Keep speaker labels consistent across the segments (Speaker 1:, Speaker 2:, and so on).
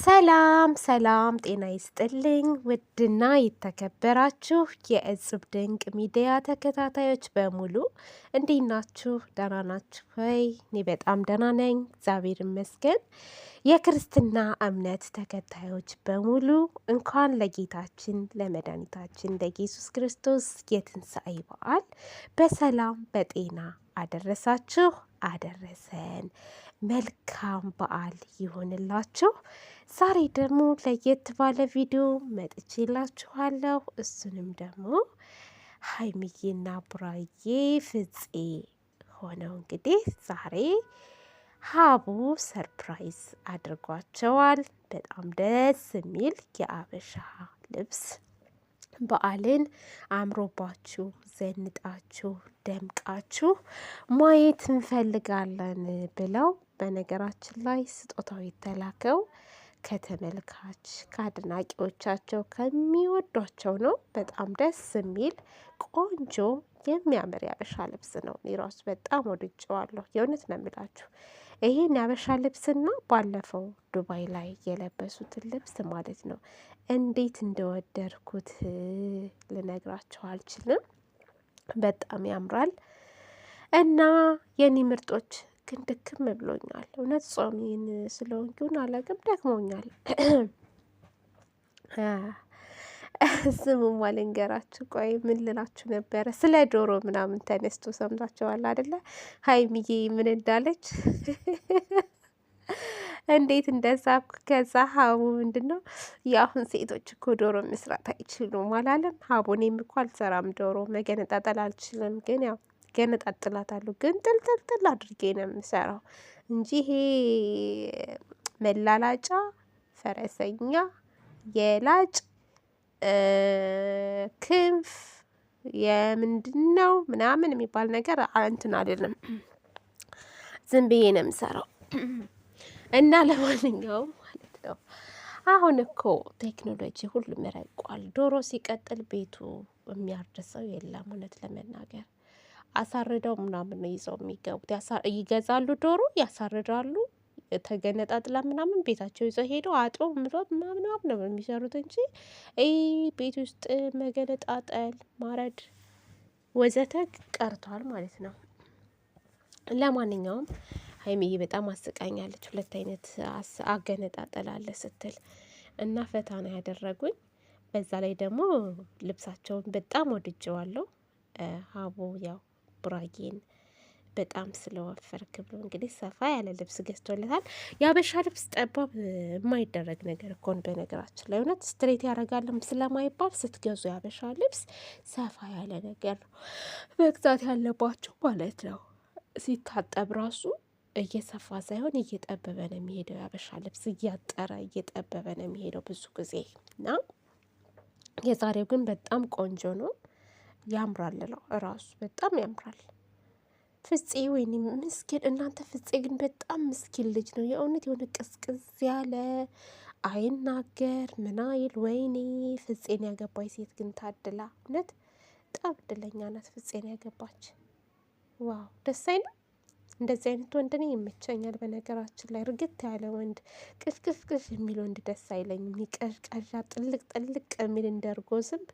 Speaker 1: ሰላም ሰላም፣ ጤና ይስጥልኝ ውድና የተከበራችሁ የእጽብ ድንቅ ሚዲያ ተከታታዮች በሙሉ እንዴት ናችሁ? ደህና ናችሁ ወይ? እኔ በጣም ደህና ነኝ፣ እግዚአብሔር ይመስገን። የክርስትና እምነት ተከታዮች በሙሉ እንኳን ለጌታችን ለመድኃኒታችን ለኢየሱስ ክርስቶስ የትንሣኤ በዓል በሰላም በጤና አደረሳችሁ አደረሰን። መልካም በዓል ይሆንላችሁ። ዛሬ ደግሞ ለየት ባለ ቪዲዮ መጥቼላችኋለሁ። እሱንም ደግሞ ሀይሚዬና ቡራዬ ፍፄ ሆነው እንግዲህ ዛሬ ሀቡ ሰርፕራይዝ አድርጓቸዋል። በጣም ደስ የሚል የአበሻ ልብስ በዓልን አምሮባችሁ ዘንጣችሁ ደምቃችሁ ማየት እንፈልጋለን ብለው በነገራችን ላይ ስጦታው የተላከው ከተመልካች ከአድናቂዎቻቸው ከሚወዷቸው ነው። በጣም ደስ የሚል ቆንጆ የሚያምር ያበሻ ልብስ ነው። እኔ ራሱ በጣም ወድጄዋለሁ። የእውነት ነው የምላችሁ። ይሄን ያበሻ ልብስና ባለፈው ዱባይ ላይ የለበሱትን ልብስ ማለት ነው እንዴት እንደወደድኩት ልነግራቸው አልችልም። በጣም ያምራል እና የኔ ምርጦች ግን ድክም ብሎኛል። እውነት ጾሜን ስለሆንኩኝ አላቅም ደክሞኛል። ስሙም አልንገራችሁ። ቆይ ምን ልላችሁ ነበረ? ስለ ዶሮ ምናምን ተነስቶ ሰምታችኋል አደለ? ሀይሚዬ ምን እንዳለች እንዴት እንደሳኩ። ከዛ ሀቡ ምንድን ነው የአሁን ሴቶች እኮ ዶሮ መስራት አይችሉም አላለም? ሀቡኔም እኮ አልሰራም ዶሮ መገነጣጠል አልችልም፣ ግን ያው ገነጣጥላታለሁ፣ ግን ጥልጥልጥል አድርጌ ነው የምሰራው እንጂ ይሄ መላላጫ ፈረሰኛ የላጭ ክንፍ የምንድን ነው ምናምን የሚባል ነገር እንትን አይደለም። ዝም ብዬ ነው የምሰራው እና ለማንኛውም ማለት ነው አሁን እኮ ቴክኖሎጂ ሁሉም ረቋል። ዶሮ ሲቀጥል ቤቱ የሚያርድሰው የለም። እውነት ለመናገር አሳርደው ምናምን ነው ይዘው የሚገቡት። ይገዛሉ ዶሮ ያሳርዳሉ። ተገነጣጥላ ምናምን ቤታቸው ይዘው ሄዶ አጥሮ ምሎ ምናምን ነው የሚሰሩት እንጂ ቤት ውስጥ መገነጣጠል፣ ማረድ ወዘተ ቀርቷል ማለት ነው። ለማንኛውም ሀይሚዬ በጣም አስቃኛለች። ሁለት አይነት አገነጣጠል አለ ስትል እና ፈታ ነው ያደረጉኝ። በዛ ላይ ደግሞ ልብሳቸውን በጣም ወድጀዋለሁ። ሀቦ ያው ቡራጌን በጣም ስለወፈርክ ብሎ እንግዲህ ሰፋ ያለ ልብስ ገዝቶለታል። የአበሻ ልብስ ጠባብ የማይደረግ ነገር እኮን በነገራችን ላይ እውነት ስትሬት ያደርጋለም ስለማይባል ስትገዙ የአበሻ ልብስ ሰፋ ያለ ነገር ነው መግዛት ያለባቸው ማለት ነው። ሲታጠብ ራሱ እየሰፋ ሳይሆን እየጠበበ ነው የሚሄደው። የአበሻ ልብስ እያጠረ እየጠበበ ነው የሚሄደው ብዙ ጊዜ እና የዛሬው ግን በጣም ቆንጆ ነው። ያምራል ነው እራሱ በጣም ያምራል። ፍፄ ወይኔ ምስኪን እናንተ። ፍፄ ግን በጣም ምስኪን ልጅ ነው የእውነት የሆነ ቅዝቅዝ ያለ አይናገር ምናይል አይል። ወይኔ ፍፄን ያገባች ሴት ግን ታድላ እውነት በጣም እድለኛ ናት። ፍፄን ያገባች ዋው ደስ አይልም? እንደዚህ አይነት ወንድ እኔ ይመቸኛል። በነገራችን ላይ እርግት ያለ ወንድ ቅፍቅፍቅፍ የሚል ወንድ ደስ አይለኝም። ይቀዥቀዣ ጥልቅ ጥልቅ የሚል እንደ እርጎ ዝንብ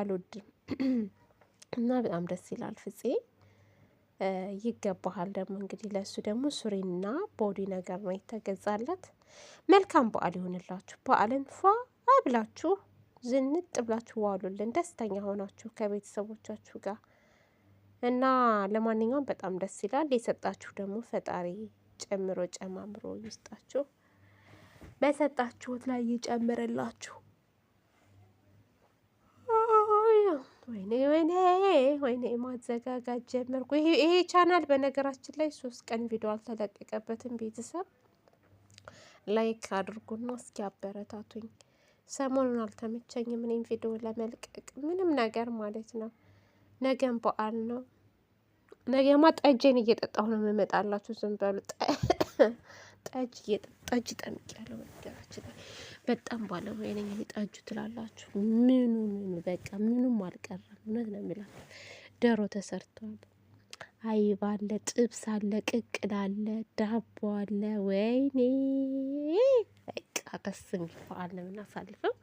Speaker 1: አልወድም እና በጣም ደስ ይላል ፍፄ ይገባሃል። ደግሞ እንግዲህ ለእሱ ደግሞ ሱሪና ቦዲ ነገር ነው የተገዛለት። መልካም በዓል ይሆንላችሁ። በዓልን ፏ ብላችሁ ዝንጥ ብላችሁ ዋሉልን፣ ደስተኛ ሆናችሁ ከቤተሰቦቻችሁ ጋር እና ለማንኛውም በጣም ደስ ይላል። የሰጣችሁ ደግሞ ፈጣሪ ጨምሮ ጨማምሮ ይስጣችሁ። በሰጣችሁት ላይ ይጨምርላችሁ። ወይኔ ወይኔ ወይኔ ማዘጋጋት ጀመርኩ። ይሄ ቻናል በነገራችን ላይ ሶስት ቀን ቪዲዮ አልተለቀቀበትም። ቤተሰብ ላይክ አድርጉና እስኪ አበረታቱኝ። ሰሞኑን አልተመቸኝም እኔም ቪዲዮ ለመልቀቅ ምንም ነገር ማለት ነው። ነገም በዓል ነው። ነገማ ጠጄን እየጠጣሁ ነው የምመጣላችሁ። ዝም በሉ። ጠጅ ጠጅ ጠምቄያለሁ በነገራችን ላይ በጣም ባለሙያ ነኝ ጠጁ ትላላችሁ። ምኑ ምኑ በቃ ምኑም አልቀረም። እውነት ነው የሚላችሁ። ዶሮ ተሰርቷል፣ አይብ አለ፣ ጥብስ አለ፣ ቅቅል አለ፣ ዳቦ አለ። ወይኔ በቃ ደስ የሚል በዓል ነው የምናሳልፈው።